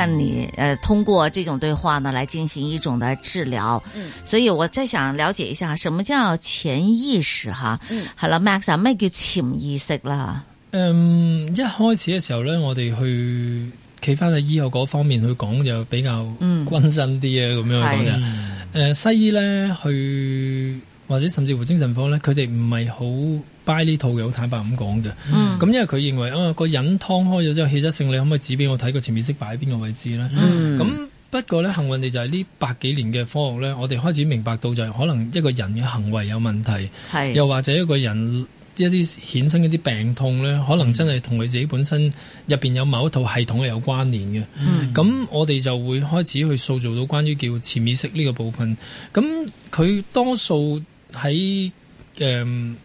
但你，誒、呃，通過這種對話呢，來進行一種嘅治療。嗯、所以我再想了解一下什麼叫潛意識哈。嗯，係啦，Max，咩、啊、叫潛意識啦？嗯，一開始嘅時候咧，我哋去企翻喺醫學嗰方面去講就比較，嗯，謹慎啲啊，咁樣去講就，誒是、呃，西醫咧去或者甚至乎精神科咧，佢哋唔係好。歪呢套嘅好坦白咁講嘅，咁、嗯、因為佢認為啊、呃、個引湯開咗之後，氣質性你可唔可以指俾我睇個潛意識擺喺邊個位置呢？咁、嗯、不過呢，幸運地就係呢百幾年嘅科學呢，我哋開始明白到就係可能一個人嘅行為有問題，是又或者一個人一啲衍生一啲病痛呢，可能真係同佢自己本身入邊有某一套系統係有關聯嘅。咁、嗯、我哋就會開始去塑造到關於叫潛意識呢個部分。咁佢多數喺誒。呃呃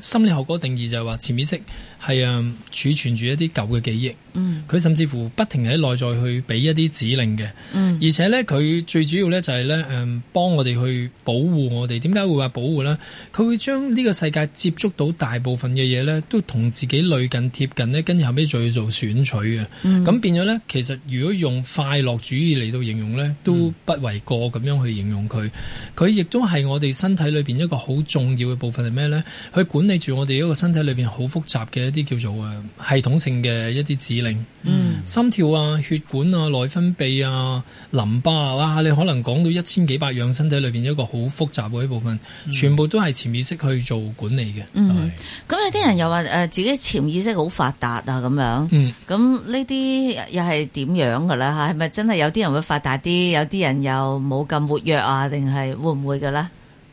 心理學個定義就係話潛意識係啊儲存住一啲舊嘅記憶。嗯，佢甚至乎不停喺內在去俾一啲指令嘅。嗯，嗯，而且咧佢最主要咧就係咧，誒，幫我哋去保護我哋。點解會話保護咧？佢會將呢個世界接觸到大部分嘅嘢咧，都同自己類近貼近咧，跟住後屘再去做選取嘅。咁、嗯、變咗咧，其實如果用快樂主義嚟到形容咧，都不為過咁樣去形容佢。佢亦都係我哋身體裏邊一個好重要嘅部分係咩咧？佢管理住我哋一個身體裏邊好複雜嘅一啲叫做誒系統性嘅一啲指令。嗯，心跳啊、血管啊、內分泌啊、淋巴啊，你可能講到一千幾百樣身體裏邊一個好複雜嘅一部分，嗯、全部都係潛意識去做管理嘅。嗯，咁係有啲人又話誒，自己潛意識好發達啊，咁樣。嗯，咁呢啲又係點樣噶啦？吓，係咪真係有啲人會發達啲，有啲人又冇咁活躍啊？定係會唔會嘅咧？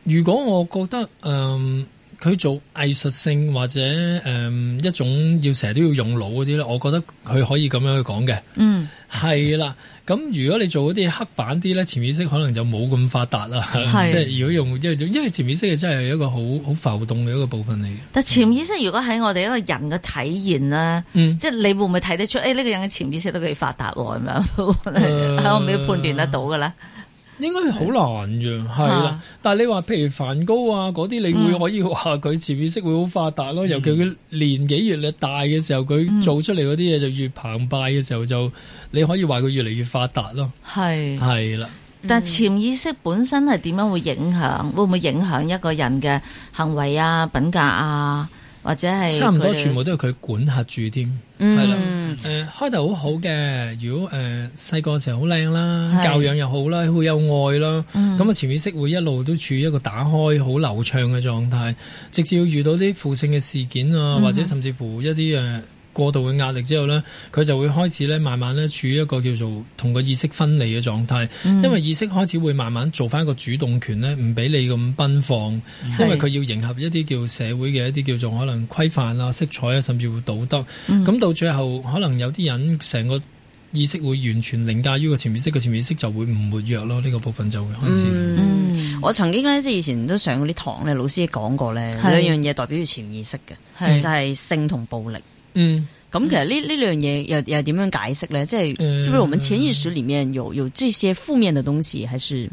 如果我覺得，嗯、呃。佢做藝術性或者誒、嗯、一種要成日都要用腦嗰啲咧，我覺得佢可以咁樣去講嘅。嗯，係啦。咁如果你做嗰啲黑板啲咧，潛意識可能就冇咁發達啦。係，即係如果用即係，因為潛意識真係一個好好浮動嘅一個部分嚟嘅。但潛意識如果喺我哋一個人嘅體現咧，嗯、即係你會唔會睇得出？誒、哎、呢、呢個人嘅潛意識都幾發達喎，咁樣 我咪判斷得到噶啦。應該好難啫，係啦的。的但係你話譬如梵高啊嗰啲，嗯、你會可以話佢潛意識會好發達咯。嗯、尤其佢年紀越嚟大嘅時候，佢、嗯、做出嚟嗰啲嘢就越澎湃嘅時候，就、嗯、你可以話佢越嚟越發達咯。係係啦。的嗯、但係潛意識本身係點樣會影響？會唔會影響一個人嘅行為啊、品格啊，或者係差唔多全部都係佢管轄住添。係咯，誒、mm hmm. 開頭好好嘅，如果誒細個時候好靚啦，是教養又好啦，好有愛啦。咁啊潛意識會一路都處於一個打開、好流暢嘅狀態，直至要遇到啲負性嘅事件啊，mm hmm. 或者甚至乎一啲誒，過度嘅壓力之後呢，佢就會開始呢，慢慢呢，處於一個叫做同個意識分離嘅狀態，嗯、因為意識開始會慢慢做翻一個主動權呢，唔俾你咁奔放，因為佢要迎合一啲叫社會嘅一啲叫做可能規範啊、色彩啊，甚至會道德。咁、嗯、到最後，可能有啲人成個意識會完全凌駕於個潛意識，個潛意識就會唔活躍咯。呢、呢個部分就會開始。嗯嗯、我曾經呢，即係以前都上嗰啲堂呢，老師講過呢，是兩樣嘢代表住潛意識嘅的，就係、是、性同暴力。嗯，咁其實呢呢樣嘢又又點樣解釋咧？即係，嗯、即係我們潛意識裏面有有這些負面嘅東西，還是？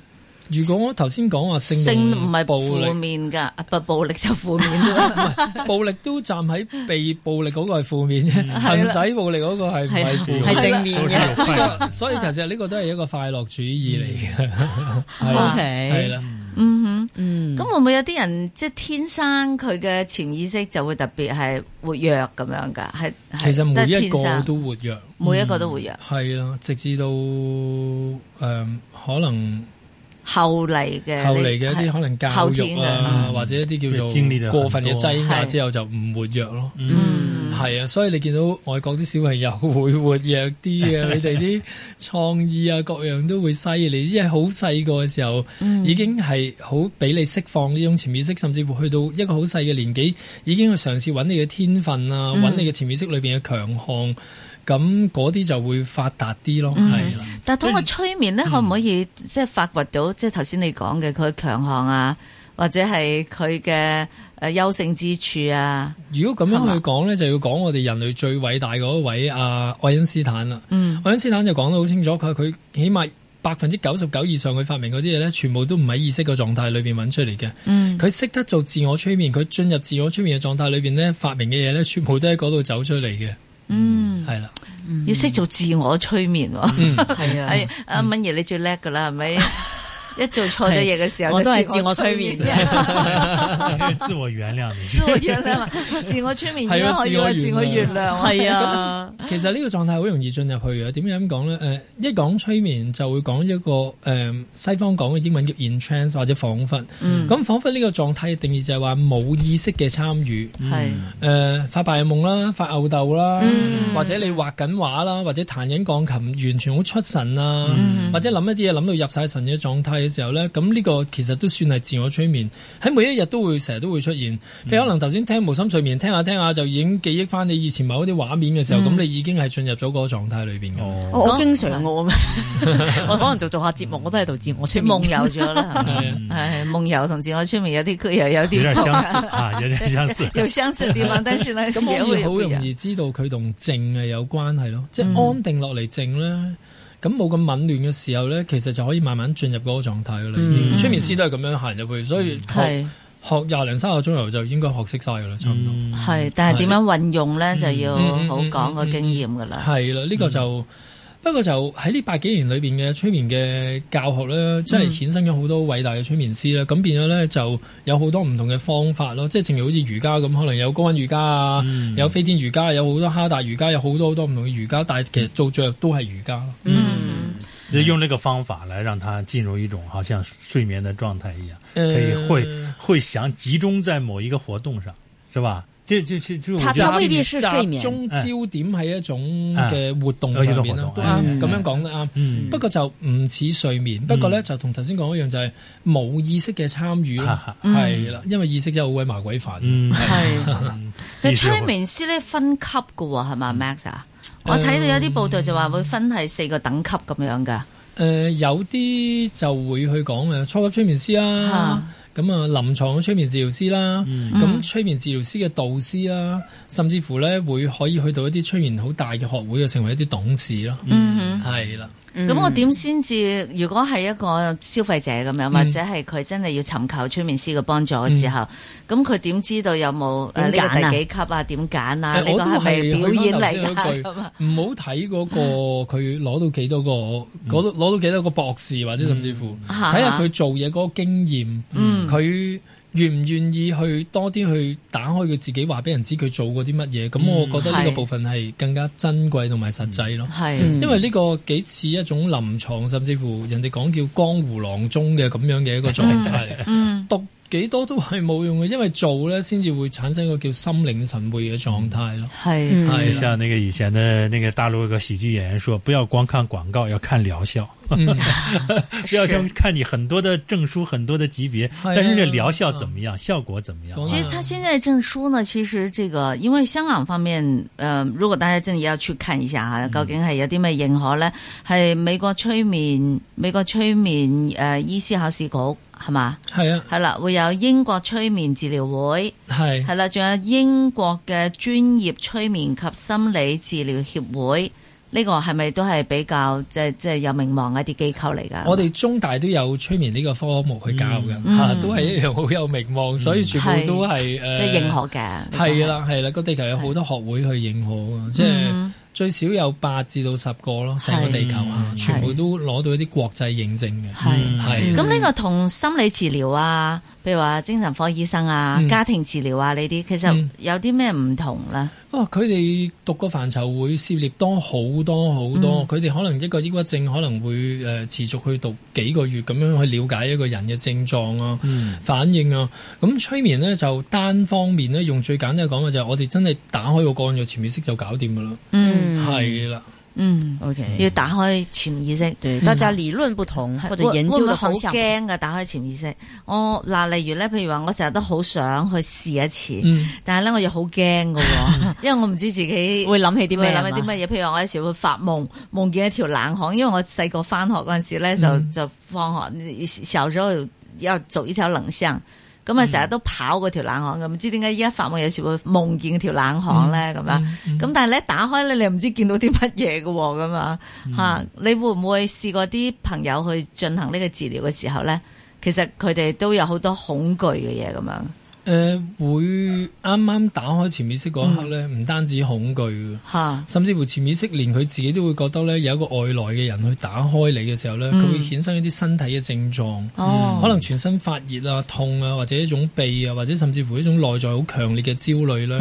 如果我頭先講話，性性唔係暴力負面噶，暴力就負面，暴力都站喺被暴力嗰個係負面， 行使暴力嗰個係係 正面嘅， 所以其實呢個都係一個快樂主義嚟嘅，OK，係啦，嗯。嗯，咁會唔會有啲人即係、就是、天生佢嘅潛意識就會特別係活躍咁樣噶？係其實每一個生都活躍，每一個都活躍，係啦、嗯，直至到誒、呃、可能。後嚟嘅你後嚟嘅一啲可能教育啊，或者一啲叫做過分嘅擠壓之後就唔活躍咯。嗯，係啊，所以你見到外國啲小朋友會活躍啲啊。 你哋啲創意啊，各樣都會細嚟，即係好細個嘅時候已經係好俾你釋放呢種潛意識，甚至乎去到一個好細嘅年紀已經去嘗試揾你嘅天分啊，揾、嗯、你嘅潛意識裏邊嘅強項。咁嗰啲就會發達啲咯，係啦。但係通過催眠咧，可唔可以即係發掘到即係頭先你講嘅佢強項啊，或者係佢嘅誒優勝之處啊？如果咁樣去講咧，就要講我哋人類最偉大嗰位啊，愛因斯坦啦。愛因斯坦就講得好清楚，佢佢起碼百分之九十九以上，佢發明嗰啲嘢咧，全部都唔喺意識嘅狀態裏邊揾出嚟嘅。嗯，佢識得做自我催眠，佢進入自我催眠嘅狀態裏邊咧，發明嘅嘢咧，全部都喺嗰度走出嚟嘅。嗯，係啦。嗯、要識做自我催眠、哦嗯，係 啊，阿敏兒你最叻噶啦，係咪，嗯？吧 一做錯咗嘢嘅時候，我都係自我催眠，自我原諒，自我原諒，自我催眠，然後要自我原諒，係啊！其實呢個狀態好容易進入去啊！點解咁講咧？誒，一講催眠就會講一個誒西方講嘅英文叫 in trance 或者恍惚。咁恍惚呢個狀態嘅定義就係話冇意識嘅參與。係。誒，發白日夢啦，發吽豆啦，或者你畫緊畫啦，或者彈緊鋼琴，完全好出神啊！或者諗一啲嘢諗到入晒神嘅狀態時候咧，咁呢個其實都算係自我催眠，喺每一日都會成日都會出現。譬如可能頭先聽無心睡眠，聽下聽下就已經記憶翻你以前某啲畫面嘅時候，咁你已經係進入咗個狀態裏邊。我經常我可能做做下節目，我都喺度自我催眠。夢遊咗啦，係夢遊同自我催眠有啲佢又有啲有相似，有相似地方，但是咧咁好容易知道佢同靜係有關係咯，即係安定落嚟靜咧。咁冇咁紊亂嘅時候咧，其實就可以慢慢進入嗰個狀態噶啦。催眠師都係咁樣行入去，所以學、嗯、學廿零三個鐘頭就應該學識晒噶啦，差唔多。係、嗯，但係點樣運用咧，嗯、就要好講個經驗噶啦。係啦、嗯、呢、嗯嗯嗯嗯嗯呢個就。嗯不過就喺呢百幾年裏邊嘅催眠嘅教學咧，即係衍生咗好多偉大嘅催眠師咧，咁、嗯、變咗咧就有好多唔同嘅方法咯。即係正如好似瑜伽咁，可能有高溫瑜伽啊，嗯、有飛天瑜伽，有好多哈達瑜伽，有好多好多唔同嘅瑜伽。但係其實做着都係瑜伽咯。嗯，就、嗯、用呢個方法嚟，讓他進入一種好像睡眠嘅狀態一樣，可以會、呃、會想集中在某一個活動上，是吧？即係即係即係，集中焦點係一種嘅活動層面咯，都啱咁樣講嘅啱。不過就唔似睡眠，不過咧就同頭先講一樣，就係冇意識嘅參與咯，係啦。因為意識真係好鬼麻鬼煩。係，你催眠師咧分級嘅係嘛，Max 啊？我睇到有啲報道就話會分係四個等級咁樣嘅。誒，有啲就會去講誒，初級催眠師啦。咁啊，臨床嘅催眠治療師啦，咁、嗯、催眠治療師嘅導師啦，甚至乎咧會可以去到一啲催眠好大嘅學會，又成為一啲董事咯，係啦、嗯。咁我點先至？如果係一個消費者咁樣，或者係佢真係要尋求催眠師嘅幫助嘅時候，咁佢點知道有冇？點揀？呢個第幾級啊？點揀啊？你講係咪表演嚟㗎，唔好睇嗰個佢攞到幾多個，攞到攞到幾多個博士，或者甚至乎睇下佢做嘢嗰個經驗，佢。願唔願意去多啲去打開佢自己話俾人知佢做過啲乜嘢？咁、嗯、我覺得呢個部分係更加珍貴同埋實際咯。係、嗯，因為呢個幾似一種臨床，甚至乎人哋講叫江湖郎中嘅咁樣嘅一個狀態。嗯。嗯幾多都係冇用嘅，因為做咧先至會產生一個叫心領神會嘅狀態咯。係係， 像那個以前的那個大陸一個喜劇演員說，不要光看廣告，要看療效。 是 不要只看你很多的證書、很多的級別，但是這療效怎麼樣？ 啊、效果怎麼樣？嗯、其實他現在證書呢，其實這個因為香港方面，嗯、呃，如果大家真的要去看一下啊，究竟係有啲咩認可呢？係、嗯、美國催眠、美國催眠誒、呃、醫師考試局。係嘛？係啊，係啦，會有英國催眠治療會，係係啦，仲有英國嘅專業催眠及心理治療協會，呢個係咪都係比較即係即係有名望嘅一啲機構嚟噶我哋中大都有催眠呢個科目去教嘅吓，都係一樣好有名望，所以全部都係誒即係認可嘅，係啦係啦，個地球有好多學會去認可即係。最少有八至到十個咯，成個地球啊，係，全部都攞到一啲國際認證嘅。係，咁呢個同心理治療啊。.譬如話精神科醫生啊、嗯、家庭治療啊呢啲，其實有啲咩唔同咧？哦、嗯，佢、啊、哋讀嘅範疇會涉獵多好多好多。佢哋、嗯、可能一個抑鬱症可能會誒持續去讀幾個月咁樣去了解一個人嘅症狀啊、嗯、反應啊。咁、嗯、催眠咧就單方面咧用最簡單嚟講嘅就係我哋真係打開個干藥潛意識就搞掂噶啦，係啦、嗯。嗯嗯，OK，要打開潛意識，但就對、嗯、理論不同。或者影照得好驚噶，打開潛意識。我嗱，例如咧，譬如話，我成日都好想去試一次，嗯、但係咧，我又好驚噶，因為我唔知自己 會諗起啲咩，諗麼起啲乜嘢。譬如話我有時會發夢，夢見一條冷巷，因為我細個翻學嗰陣時咧，就就放學，小時候又走呢條冷巷。咁啊，成日、嗯、都跑嗰條冷巷，咁唔知點解依家發夢有時會夢見嗰條冷巷咧，咁樣、嗯。咁、嗯嗯、但係咧，打開咧，你又唔知見到啲乜嘢嘅喎，咁啊嚇、嗯啊。你會唔會試過啲朋友去進行呢個治療嘅時候咧？其實佢哋都有好多恐懼嘅嘢咁樣。啊。誒、呃，會啱啱打開潛意識嗰刻咧，唔、嗯、單止恐懼，啊、甚至乎潛意識連佢自己都會覺得咧，有一個外來嘅人去打開你嘅時候咧，佢、嗯、會衍生一啲身體嘅症狀，嗯、可能全身發熱啊、痛啊，或者一種鼻啊，或者甚至乎一種內在好強烈嘅焦慮咧，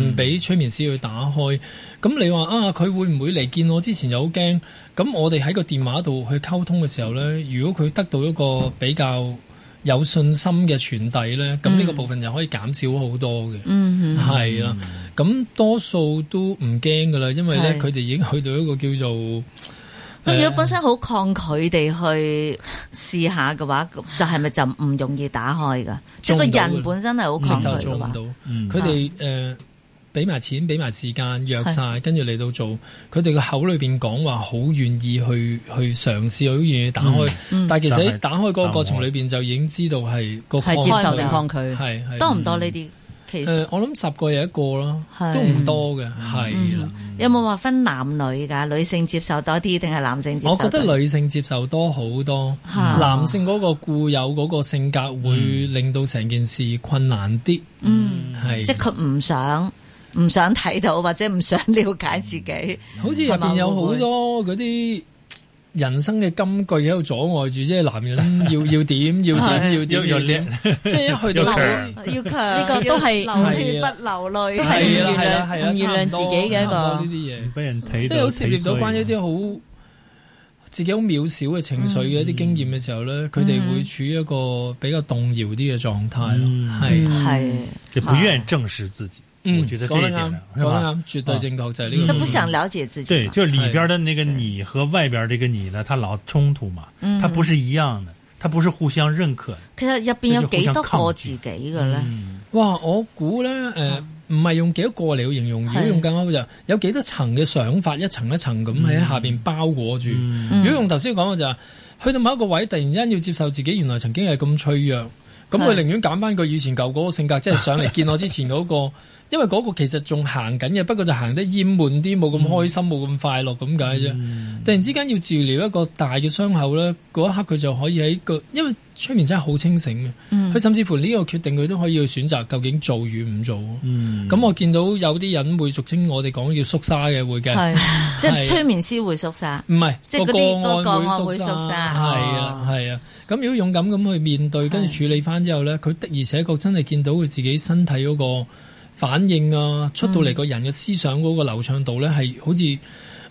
唔俾、嗯、催眠師去打開。咁你話啊，佢會唔會嚟見我之前又好驚？咁我哋喺個電話度去溝通嘅時候咧，如果佢得到一個比較，有信心嘅傳遞咧，咁呢個部分就可以減少好多嘅，係啦、嗯。咁多數都唔驚噶啦，因為咧佢哋已經去到一個叫做咁。如果本身好抗拒地去試下嘅話，就係、是、咪就唔容易打開噶？即係個人本身係好抗拒做唔到，佢哋誒。們俾埋錢，俾埋時間，約晒，跟住嚟到做。佢哋嘅口裏邊講話好願意去去嘗試，好願意打開。嗯嗯、但係其實你打開嗰個過程裏邊就已經知道係個係接受定抗拒，係多唔多呢啲？嗯、其實、呃、我諗十個有一個咯，都唔多嘅，係啦、嗯。有冇話分男女㗎？女性接受多啲定係男性接受？我覺得女性接受多好多，男性嗰個固有嗰個性格會令到成件事困難啲。嗯，係即係佢唔想。唔想睇到或者唔想了解自己，好似入邊有好多嗰啲人生嘅金句喺度阻礙住，即係男人要要點，要點，要點，要點，即係去到要強，呢個都係流血不流淚，都係原諒，原諒自己嘅一個。呢啲嘢俾人睇，即係好涉獵到關於一啲好自己好渺小嘅情緒嘅一啲經驗嘅時候咧，佢哋會處於一個比較動搖啲嘅狀態咯。係係，你不願正視自己，我覺得呢點咧，係、嗯、吧？絕對正確，就係呢個。佢不想了解自己。嗯嗯、對，就裏邊嘅那個你和外邊呢個你呢，佢老衝突嘛，佢、嗯、不是一樣嘅，佢不是互相認可。其實入邊有幾多個自己嘅咧？嗯、哇，我估咧，誒、呃，唔係用幾多個嚟形容，如果用咁講就，有幾多層嘅想法，一層一層咁喺下邊包裹住。嗯嗯、如果用頭先講嘅就是，去到某一個位，突然間要接受自己原來曾經係咁脆弱，咁佢寧願揀翻佢以前舊嗰個性格，即、就、係、是、上嚟見我之前嗰個。因為嗰個其實仲行緊嘅，不過就行得厭悶啲，冇咁開心，冇咁、嗯、快樂咁解啫。突然之間要治療一個大嘅傷口咧，嗰一刻佢就可以喺個，因為催眠真係好清醒嘅。佢、嗯、甚至乎呢個決定，佢都可以去選擇究竟做與唔做。咁、嗯、我見到有啲人會俗稱我哋講叫縮沙嘅會嘅，是 是即係催眠師會縮沙，唔係是即係嗰啲個案會縮沙。係啊係啊。咁、哦、如果勇敢咁去面對，跟住處理翻之後咧，佢的而且確真係見到佢自己身體嗰、嗰個。反應啊，出到嚟個人嘅思想嗰個流暢度咧，係好似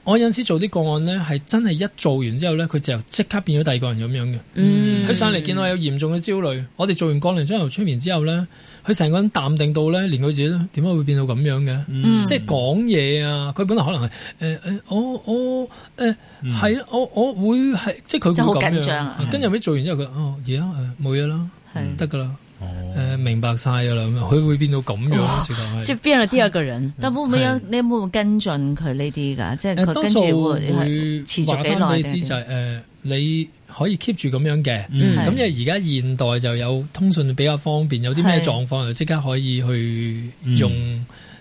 我有陣時做啲個案咧，係真係一做完之後咧，佢就即刻變咗第二個人咁樣嘅。嗯，佢上嚟見到我有嚴重嘅焦慮，我哋做完幹蓮香油催眠之後咧，佢成個人淡定到咧，連佢自己都點解會變到咁樣嘅？嗯，即係講嘢啊，佢本來可能係誒誒，我我誒係咯，我、欸、我，我會係即係佢好緊張啊。跟住尾做完之後，佢哦，而家冇嘢啦，係得噶啦。是哦，誒，明白晒噶啦，佢會變到咁樣，即係變咗第二個人，但會唔會有你有冇跟進佢呢啲噶？即係佢跟住會持續幾耐？意思就係誒，你可以 keep 住咁樣嘅，咁因為而家現代就有通訊比較方便，有啲咩狀況就即刻可以去用。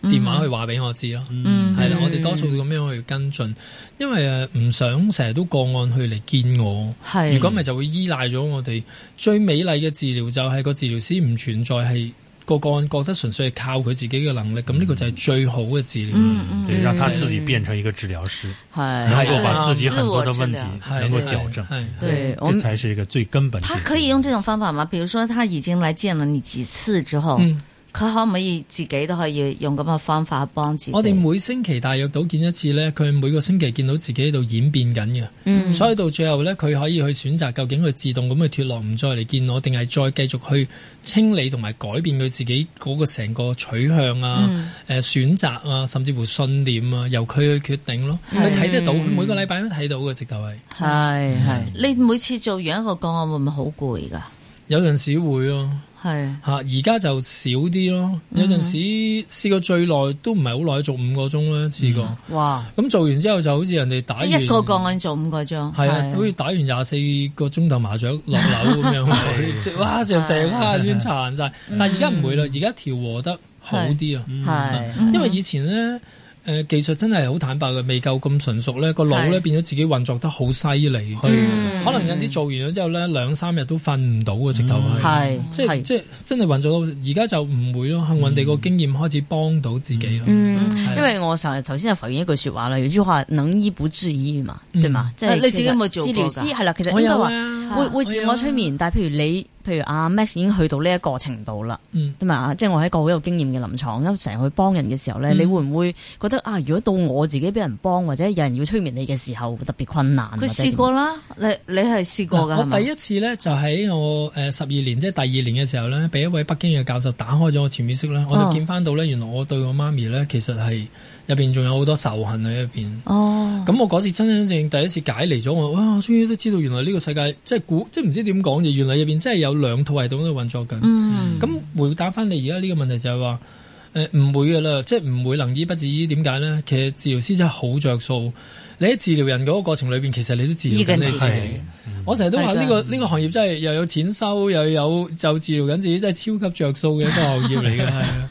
電話去話俾我知咯，係啦，我哋多數咁樣去跟進，因為誒唔想成日都個案去嚟見我，如果咪就會依賴咗我哋，最美麗嘅治療就係個治療師唔存在，係個個案覺得純粹係靠佢自己嘅能力，咁呢個就係最好嘅治療。嗯嗯，讓他自己變成一個治療師，能夠把自己很多嘅問題能夠矯正，對我才是一個最根本。他可以用這種方法嗎？比如說他已經嚟見了你幾次之後。佢可唔可以自己都可以用咁嘅方法幫自己？我哋每星期大約到見一次咧，佢每個星期見到自己喺度演變緊嘅，嗯、所以到最後咧，佢可以去選擇究竟佢自動咁去脫落，唔再嚟見我，定係再繼續去清理同埋改變佢自己嗰個成個取向啊、誒、嗯、選擇啊，甚至乎信念啊，由佢去決定咯。佢睇是得到，每個禮拜都睇到嘅，直頭係係係。你每次做完一個個案，會唔會好攰噶？有陣時會啊。係吓，而家就少啲咯。嗯、哼有陣時試過最耐都唔係好耐，做五個鐘啦。試過、嗯。哇！咁做完之後就好似人哋打，完，係一個個案做五個鐘。係啊的，的好似打完廿四個鐘頭麻雀落樓咁樣，哇！成成啊，先殘晒。嗯、但係而家唔會啦，而家調和得好啲啊。係，因為以前咧。誒技術真係好坦白嘅，未夠咁純熟咧，個腦咧變咗自己運作得好犀利，可能有時做完咗之後咧，兩三日都瞓唔到嘅。直頭係，即係即係真係運作到。而家就唔會咯，幸運地個經驗開始幫到自己咯。因為我成日頭先就發現一句説話啦，有句話能醫不治醫嘛，對嘛，即係你自己有冇做治療師係啦，其實我應該話會會自我催眠，但係譬如你。譬如阿 Max 已經去到呢一個程度啦，啫嘛、嗯，即係我喺一個好有經驗嘅臨床，咁成日去幫人嘅時候咧，嗯、你會唔會覺得啊？如果到我自己俾人幫或者有人要催眠你嘅時候，特別困難？佢試過啦，你你係試過㗎？嗯、係嗎？我第一次咧就喺我誒十二年即係第二年嘅時候咧，俾一位北京嘅教授打開咗我潛意識啦，我就見翻到咧，原來我對我媽咪咧其實係。入邊仲有好多仇恨喺入邊，咁、哦、我嗰次真真正正第一次解離咗我，哇！我終於都知道原來呢個世界即係估，即係唔知點講，嘢，原來入邊真係有兩套系統喺度運作緊。咁、嗯嗯、回答翻你而家呢個問題就係、是、話，誒、欸、唔會噶啦，即係唔會能醫不治。點解呢？其實治療師真係好着數。你喺治療人嗰個過程裏邊，其實你都治療緊你自己。的我成日都話呢、這個呢、這個行業真係又有錢收又有就治療緊自己，真係超級着數嘅一個行業嚟嘅，係啊。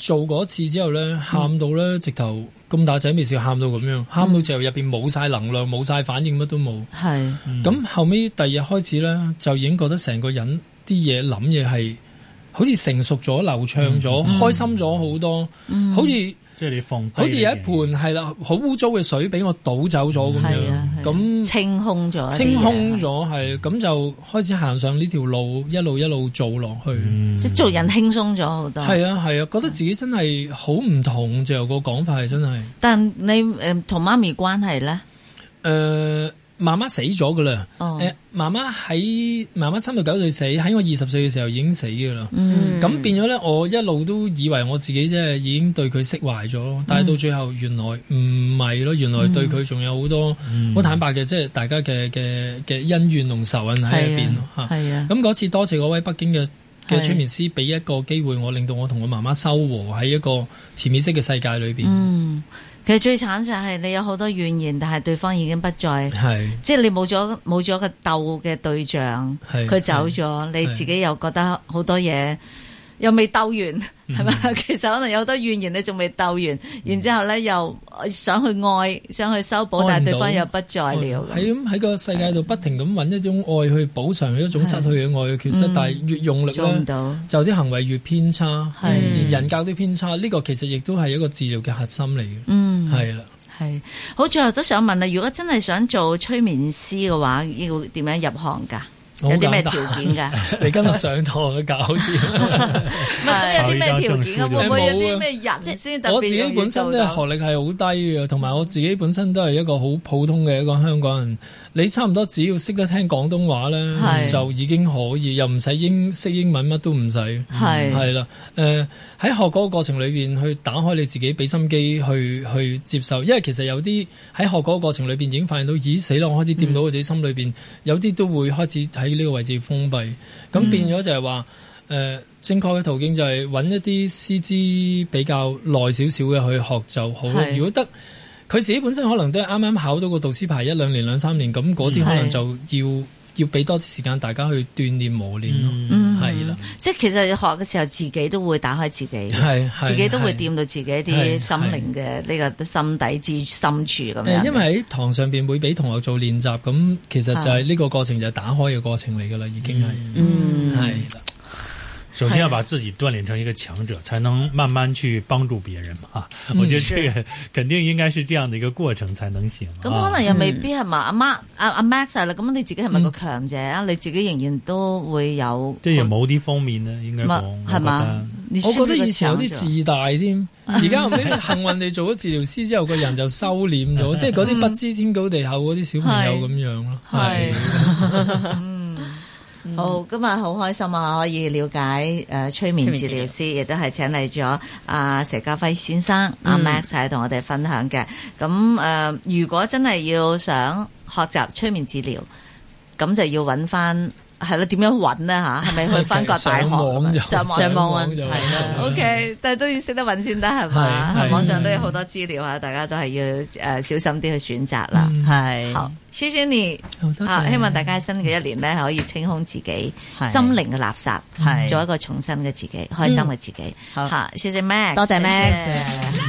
做過一次之後呢，喊、嗯、到呢，直頭咁大仔未試過，喊到咁樣，喊、嗯、到之後入邊冇晒能量，冇晒反應，乜都冇。係是，咁、嗯、後尾第二日開始呢，就已經覺得成個人啲嘢諗嘢係好似成熟咗、流暢咗、嗯、開心咗好多，嗯、好似。即係你放低，好似有一盤係啦，好污糟嘅水俾我倒走咗咁樣，咁清空咗，清空咗係，咁就開始行上呢條路，一路一路做落去，即係做人輕鬆咗好多。係啊，係啊，覺得自己真係好唔同，就個講法係真係。但你誒同媽咪關係咧？誒。媽媽死咗噶啦，誒、哦，媽媽喺媽媽三十九歲死，喺我二十歲嘅時候已經死噶啦。咁、嗯、變咗咧，我一路都以為我自己即係已經對佢釋懷咗咯，但係到最後原來唔係咯，原來對佢仲有好多好、嗯、坦白嘅，即、就、係、是、大家嘅嘅嘅恩怨同仇恨喺入邊咯嚇。咁嗰、嗯啊、次多謝嗰位北京嘅嘅催眠師，俾一個機會我，令到的我同我媽媽修和喺一個潛意識嘅世界裏邊。嗯。其實最慘就係你有好多怨言，但係對方已經不在，是即係你冇咗冇咗個鬥嘅對象，佢是走咗，是你自己又覺得好多嘢。又未鬥完，係嘛、嗯？其實可能有好多怨言，你仲未鬥完，嗯、然之後咧又想去愛，想去修補，但係對方又不在了。喺咁喺個世界度不停咁揾一種愛去補償一的種失去嘅愛嘅缺失，但係越用力咧，嗯、到就啲行為越偏差，的連人格都偏差。呢、呢個其實亦都係一個治療嘅核心嚟嘅。嗯，係啦的，係。好，最後都想問你，如果真係想做催眠師嘅話，要點樣入行㗎？有啲咩條件㗎？你今日上堂搞掂？係有啲咩條件啊？會唔會有啲咩人即係先特別要做？我自己本身咧學歷係好低嘅，同埋我自己本身都係一個好普通嘅一個香港人。你差唔多只要識得聽廣東話咧，就已經可以，又唔使英識英文乜都唔使，係係啦。誒，喺學嗰個過程裏邊，去打開你自己，俾心機去去接受。因為其實有啲喺學嗰個過程裏邊已經發現到，咦死啦！我開始掂到我自己心裏邊有啲都會開始喺。呢個位置封閉，咁變咗就係話，誒、嗯呃、正確嘅途徑就係揾一啲師資比較耐少少嘅去學就好。是的 如果得佢自己本身可能都係啱啱考到個導師牌一兩年、兩三年，咁嗰啲可能就要。要俾多啲時間大家去鍛煉磨練咯，係啦、嗯，了即係其實學嘅時候自己都會打開自己，係，自己都會掂到自己一啲心靈嘅呢個心底之深處咁樣。因爲喺堂上邊會俾同學做練習，咁其實就係呢個過程就係打開嘅過程嚟噶啦，嗯、已經係，係、嗯。首先要把自己鍛鍊成一個強者，才能慢慢去幫助別人嘛。我覺得呢個肯定應該是這樣的一個過程才能行。咁可能又未必係嘛，阿媽阿阿 Max 啦，咁你自己係咪個強者啊？你自己仍然都會有即係冇啲方面呢？應該講係嘛？我覺得以前有啲自大添，而家幸幸運地做咗治療師之後，個人就收斂咗，即係嗰啲不知天高地厚嗰啲小朋友咁樣咯。係。好，今日好開心啊！可以了解誒，催眠治療師亦都係請嚟咗阿佘家輝先生阿 Max 係同我哋分享嘅。咁誒、呃，如果真係要想學習催眠治療，咁就要揾返。係啦，點樣搵咧吓？係咪去翻個大學？上網就係啦。OK，但係都要識得搵先得，係嘛？網上都有好多資料啊，大家都係要誒小心啲去選擇啦。係。好謝謝你！好，希望大家新嘅一年咧可以清空自己心靈嘅垃圾，係做一個重新嘅自己，開心嘅自己。吓，謝謝 Max，多謝 Max。